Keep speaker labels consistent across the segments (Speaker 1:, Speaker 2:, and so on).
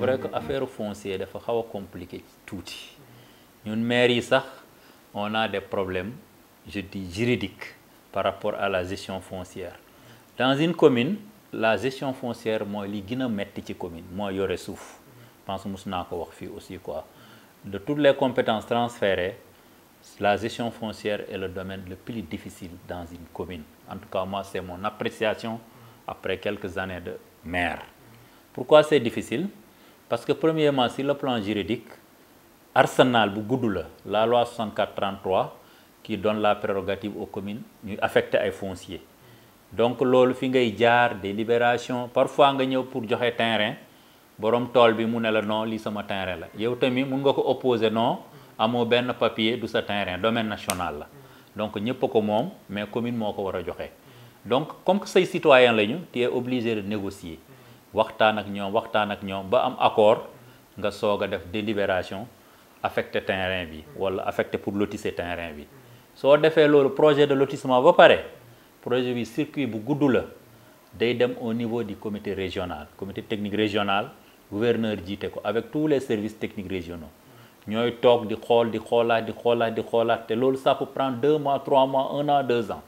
Speaker 1: vrai que affaire foncière est compliquée tout. Nous, touti, maires on a des problèmes je dis juridiques par rapport à la gestion foncière dans une commune la gestion foncière moi li est metti commune commune je yore Je pense que ko aussi quoi de toutes les compétences transférées la gestion foncière est le domaine le plus difficile dans une commune en tout cas moi c'est mon appréciation après quelques années de maire pourquoi c'est difficile parce que premièrement sur le plan juridique arsenal la loi 64 qui donne la prérogative aux communes nous affecté les fonciers. donc loolu fi ngay des délibération parfois nga ñëw pour joxe terrain borom tol bi mu ne la non li sama terrain la yow tammi mu nga ko opposer non amoo papier du sa terrain domaine national la donc ñëpp pas ko mom mais commune moko wara war donc comme que say citoyen lañu tu obligé de négocier waxtaan ak ñoom waxtaan ak ñoom ba am accord nga soog a def délibération affecté terrain bi wala affecté pour lotisser terrain bi soo defee loolu projet de lotissement ba pare projet bi circuit bu gudd la day dem au niveau du comité régional comité technique régional gouverneur jiite ko avec tous les services techniques régionaux ñooy toog di xool di xoolaat di xoolaat di xoolaat te loolu ça peut prendre deux mois trois mois un an deux ans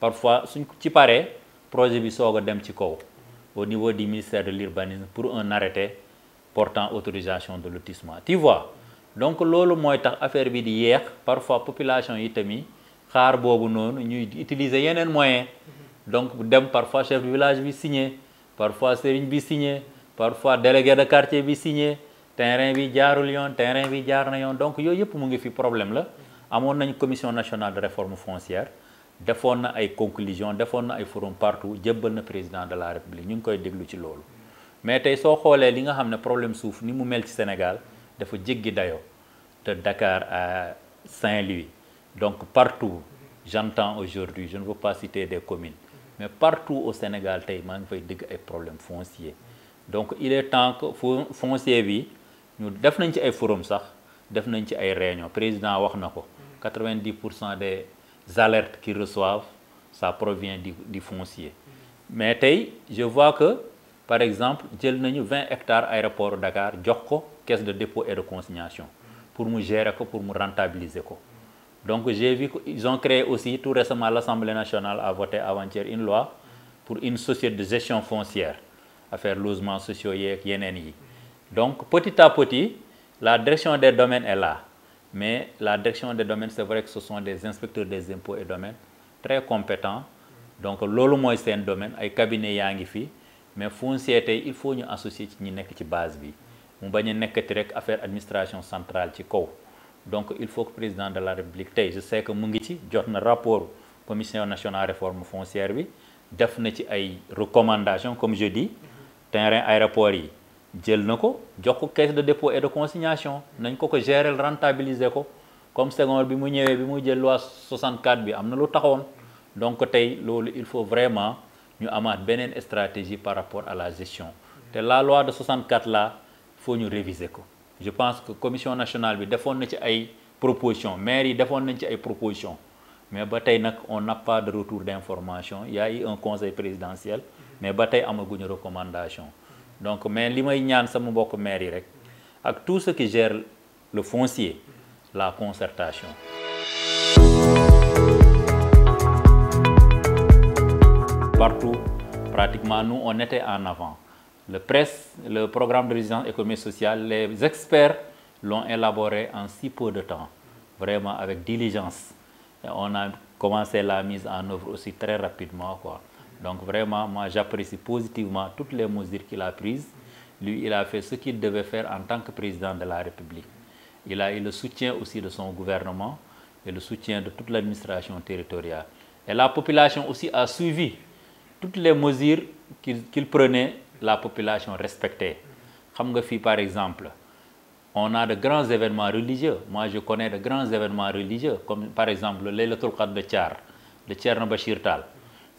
Speaker 1: parfois suñ ci paree projet bi soog a dem ci kaw au niveau du ministère de l'urbanisme pour un arrêté portant autorisation de lotissement tu vois donc ce qui tax affaire bi di que parfois population yi tammi xaar bobu non ñuy utiliser yenen moyens. donc dem parfois chef de village bi signé parfois sérigne bi signé parfois délégué de quartier bi signé terrain bi jaarul le terrain bi jaar na yon. donc yoyep mu ngi fi problème la Amon nañ commission nationale de réforme foncière defoon na ay conclusion defoon na ay forum partout djebal na président de la république ñu ngi koy déglu ci lolu mais tay so xolé li nga xam ne problème suuf ni mu mel ci Sénégal dafa jéggi dayo te Dakar à Saint-Louis donc partout j'entends aujourd'hui je ne veux pas citer des communes mais partout au Sénégal il y a fay dégg ay problème foncier donc il est temps que foncier bi ñu def nañ ci ay forum sax def nañ ci ay réunion président wax na 90 des alertes qu'ils reçoivent, ça provient du, foncier. mais je vois que par exemple y donné 20 hectares aéroport Dakar jox caisse de dépôt et de consignation pour me gérer que pour me rentabiliser donc j'ai vu qu'ils ont créé aussi tout récemment l'Assemblée nationale a voté avant-hier une loi pour une société de gestion foncière affaire logements sociaux yeeg yeneen donc petit à petit la direction des domaines est là mais la direction des domaines, c'est vrai que ce sont des inspecteurs des impôts et domaines très compétents. Donc, moi c'est un domaine un cabinet qui est mais foncier il faut ñu associer ci ñi base bi mu affaire administration centrale donc il faut que le président de la république je sais que mu ngi ci un rapport commission nationale réforme foncière bi def na ci recommandations comme je dis terrain aéroport jël na ko jox ko caisse de dépôt et de consignation nañ ko ko gérer rentabiliser ko comme Senghor bi mu ñëwee bi mu jël loi 64 bi amna lu donc il faut vraiment ñu une benen stratégie par rapport à la gestion la loi de 64 là faut ñu réviser ko je pense que commission nationale bi defoon na ci ay propositions maire yi a nañ ci ay propositions mais ba on n'a pas de retour d'information il y a eu un conseil présidentiel mais ba tey des recommandation donc mais ce tout ce qui gère le foncier la concertation partout pratiquement nous on était en avant le presse le programme de résidence économique sociale les experts l'ont élaboré en si peu de temps vraiment avec diligence Et on a commencé la mise en œuvre aussi très rapidement quoi donc vraiment, moi j'apprécie positivement toutes les mesures qu'il a prises. Lui, il a fait ce qu'il devait faire en tant que président de la République. Il a eu le soutien aussi de son gouvernement et le soutien de toute l'administration territoriale. Et la population aussi a suivi toutes les mesures qu'il prenait, la population respectait. Khamgafi, par exemple, on a de grands événements religieux. Moi, je connais de grands événements religieux, comme par exemple le de Tchar, de Tal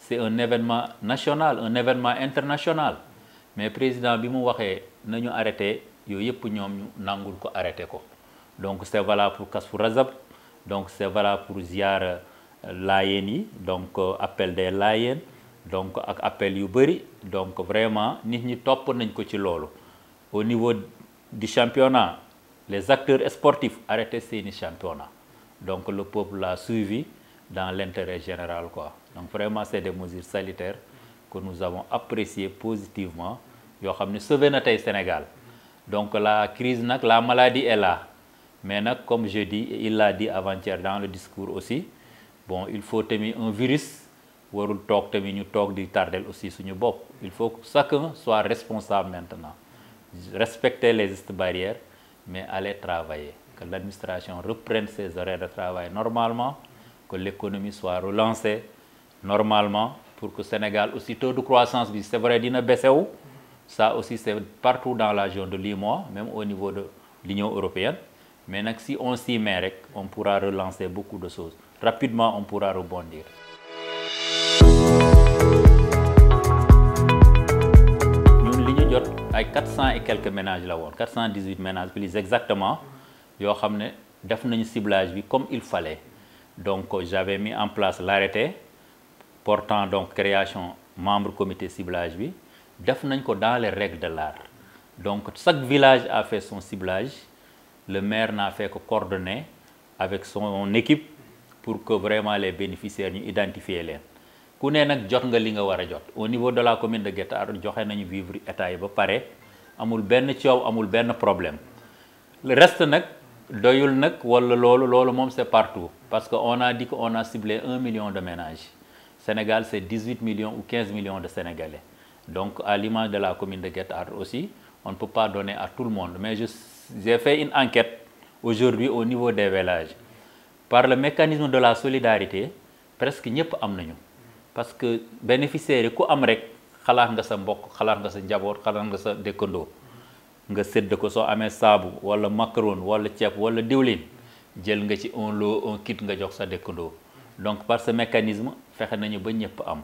Speaker 1: c'est un événement national un événement international mais le président bi nous waxee nañu arrêté nous avons arrêté donc c'est valable pour Kasfu Razab donc c'est valable pour ziar euh, Layeni. donc euh, appel des Layens. donc appel yu donc vraiment nous, ñi top nañ ko au niveau du championnat les acteurs sportifs arrêté ces championnat donc le peuple l'a suivi dans l'intérêt général quoi donc vraiment c'est des mesures sanitaires que nous avons appréciées positivement Nous avons sauvé pays, Sénégal donc la crise la maladie est là mais comme je dis il l'a dit avant-hier dans le discours aussi bon il faut tenir un virus il faut ñu aussi il faut que chacun soit responsable maintenant respecter les barrières mais aller travailler que l'administration reprenne ses horaires de travail normalement que l'économie soit relancée normalement pour que le Sénégal aussi taux de croissance c'est vrai dina baissé où ça aussi c'est partout dans la région de Limois même au niveau de l'Union européenne mais si on s'y met on pourra relancer beaucoup de choses rapidement on pourra rebondir Nous, avons 400 et quelques ménages là-haut, 418 ménages plus exactement yo xamné fait def ciblage comme il fallait donc j'avais mis en place l'arrêté portant donc création membre comité ciblage bi def nañ dans les règles de l'art donc chaque village a fait son ciblage le maire n'a fait que coordonner avec son équipe pour que vraiment les bénéficiaires identifient identifier ku ne nak jot nga au niveau de la commune de Guet nous vivons nañu vivre état yi ba paré amul ben ciow problème le reste c'est partout parce qu'on a dit qu'on a ciblé un million de ménages Sénégal, c'est 18 millions ou 15 millions de Sénégalais. Donc, à l'image de la commune de Guettard aussi, on ne peut pas donner à tout le monde. Mais j'ai fait une enquête aujourd'hui au niveau des villages. Par le mécanisme de la solidarité, presque a pas nañu parce que bénéficiaires qu'on am rek xalaat nga sa mbokk xalaat nga sa njaboot xalaat nga sa dëkkandoo nga sédd ko soo amee saabu wala macaron wala ceeb wala diwlin jël nga ci un lot un kit nga jox sa donc par ce mécanisme fexé nañu ba ñëpp am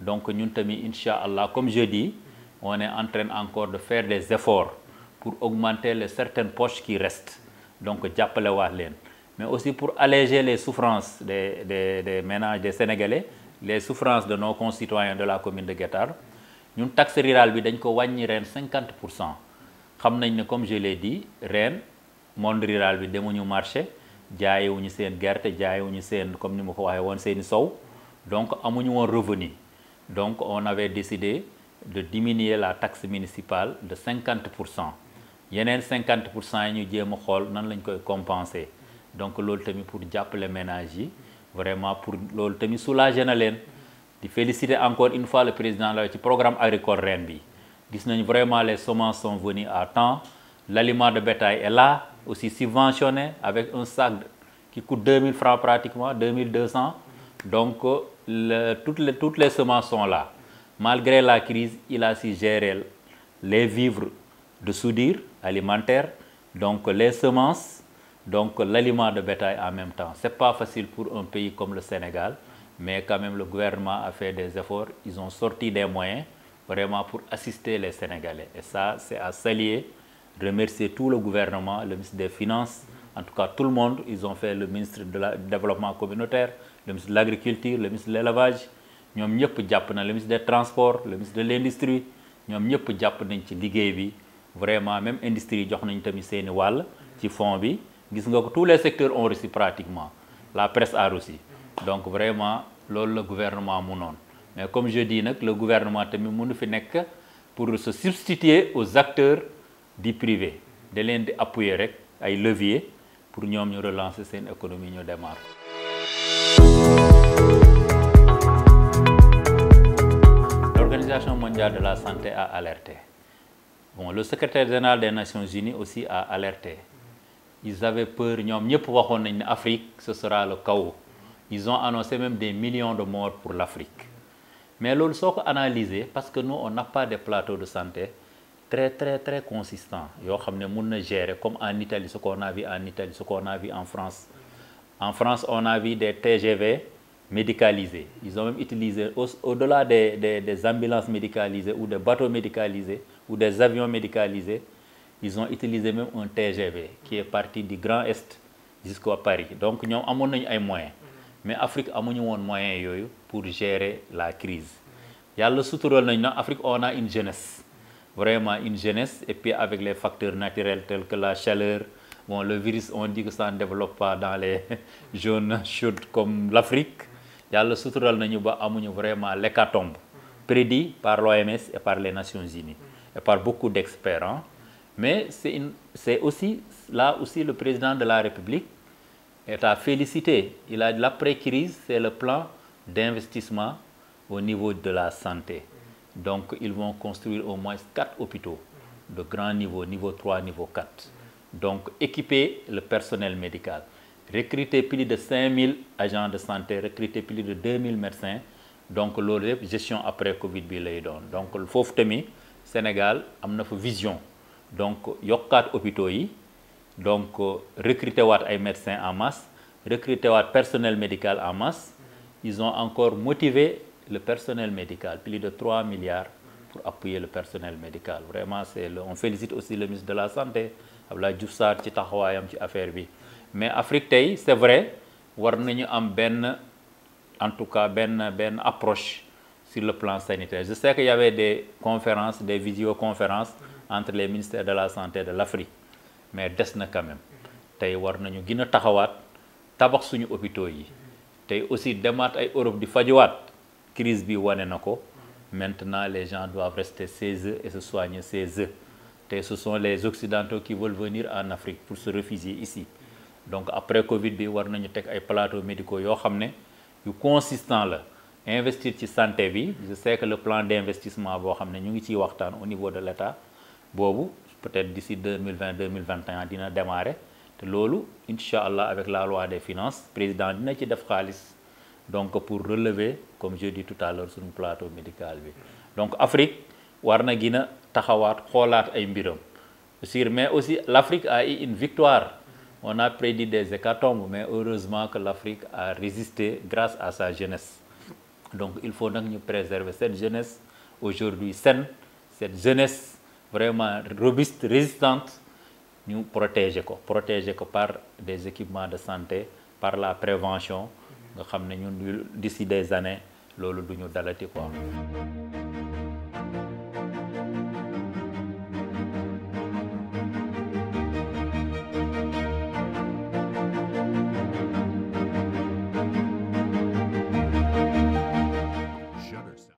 Speaker 1: donc ñun tamit incha allah comme je dis on est en train encore de faire des efforts pour augmenter les certaines poches qui restent donc jàppale waat leen mais aussi pour alléger les souffrances des des des ménages des sénégalais les souffrances de nos concitoyens de la commune de Guettar ñun taxe rurale bi dañ ko wañi ren 50 pour cent xam nañ ne comme je l'ai dit ren monde rural bi demuñu marché jaayewuñu seen gerte jaayewuñu seen comme ni mu ko waxee won seeni sow donc revenu donc on avait décidé de diminuer la taxe municipale de 50 y y a 50 qui ont a nan compenser donc pour les ménages vraiment pour loolu tamit soulager na leen di féliciter encore une fois le président du programme agricole RENBI. bi gis vraiment les semences sont venues à temps l'aliment de bétail est là aussi subventionné avec un sac qui coûte 2000 francs pratiquement 2200 donc euh, toutes, les, semences sont là. Malgré la crise, il a su gérer les vivres de soudure alimentaire, donc les semences, donc l'aliment de bétail en même temps. Ce n'est pas facile pour un pays comme le Sénégal, mais quand même le gouvernement a fait des efforts, ils ont sorti des moyens vraiment pour assister les Sénégalais. Et ça, c'est à saluer, remercier tout le gouvernement, le ministre des Finances, en tout cas tout le monde. Ils ont fait le ministre du Développement communautaire, le ministre de l'agriculture le ministre de l'élevage nous avons le ministre des transports le ministre de l'industrie nous avons jàpp ci vraiment même l'industrie, jox nañ tamit seeni wàll ci bi tous les secteurs ont réussi pratiquement la presse a réussi donc vraiment le le gouvernement a noonu mais comme je dis le gouvernement a mënu pour se substituer aux acteurs du privé de l'aider appuyer pour relancer cette économie ñu démarre l'Organisation mondiale de la santé a alerté. Bon, le secrétaire général des Nations Unies aussi a alerté. Ils avaient peur, ils ont mieux pouvoir en Afrique, ce sera le chaos. Ils ont annoncé même des millions de morts pour l'Afrique. Mais l'on s'en analyser parce que nous, on n'a pas de plateau de santé très, très, très consistant. gérer comme en Italie, ce qu'on a vu en Italie, ce qu'on a vu en France. En France, on a vu des TGV, médicalisés. Ils ont même utilisé, au-delà des, des, ambulances médicalisées ou des bateaux médicalisés ou des avions médicalisés, ils ont utilisé même un TGV qui est parti du Grand Est jusqu'à Paris. Donc, nous avons un moyens. Mm-hmm. Mais l'Afrique a des moyens pour gérer la crise. Il y a le Afrique, on a une jeunesse. Vraiment une jeunesse, et puis avec les facteurs naturels tels que la chaleur, Bon, le virus, on dit que ça ne développe pas dans les zones chaudes comme l'Afrique. Yalla sutural nañu ba amuñu vraiment l'hécatombe prédit par l'OMS et par les Nations Unies et par beaucoup d'experts hein. mais c'est aussi là aussi le président de la République est à féliciter il a l'après-crise c'est le plan d'investissement au niveau de la santé donc ils vont construire au moins quatre hôpitaux de grand niveau niveau 3 niveau 4 donc équiper le personnel médical recruter plus de 5000 agents de santé recruter plus de 2000 médecins donc loolu gestion après Covid 19 Donc le donc Temi, Sénégal a une vision donc y a il quatre hôpitaux donc recruter des médecins en masse recruter le personnel médical en masse ils ont encore motivé le personnel médical plus de 3 milliards pour appuyer le personnel médical vraiment on félicite aussi le ministre de la santé Abdoulaye Diouf Sarr ci qui ci affaire bi mais Afrique c'est vrai war nañu am bonne, en tout cas approche sur le plan sanitaire je sais qu'il y avait des conférences des visioconférences entre les ministères de la santé de l'Afrique mais des quand même tay war nañu a tabax suñu hôpitaux yi aussi demat ay Europe di crise bi maintenant les gens doivent rester chez eux et se soigner chez eux ce sont les Occidentaux qui veulent venir en Afrique pour se réfugier ici donc après Covid bi war nañu ay plateaux médicaux sont consistants à investir dans la santé je sais que le plan d'investissement nous avons au niveau de l'État. peut-être d'ici 2020 2021 va démarrer Et lolu Inch'Allah, avec la loi des finances le président dina ci des donc pour relever comme je dis tout à l'heure sur un plateau médical donc Afrique war na gën ay mbiram mais aussi l'Afrique a eu une victoire on a prédit des hécatombes, mais heureusement que l'Afrique a résisté grâce à sa jeunesse. Donc il faut donc nous préserver cette jeunesse aujourd'hui saine, cette jeunesse vraiment robuste, résistante, nous protéger, par des équipements de santé, par la prévention. Nous D'ici des années, nous quoi.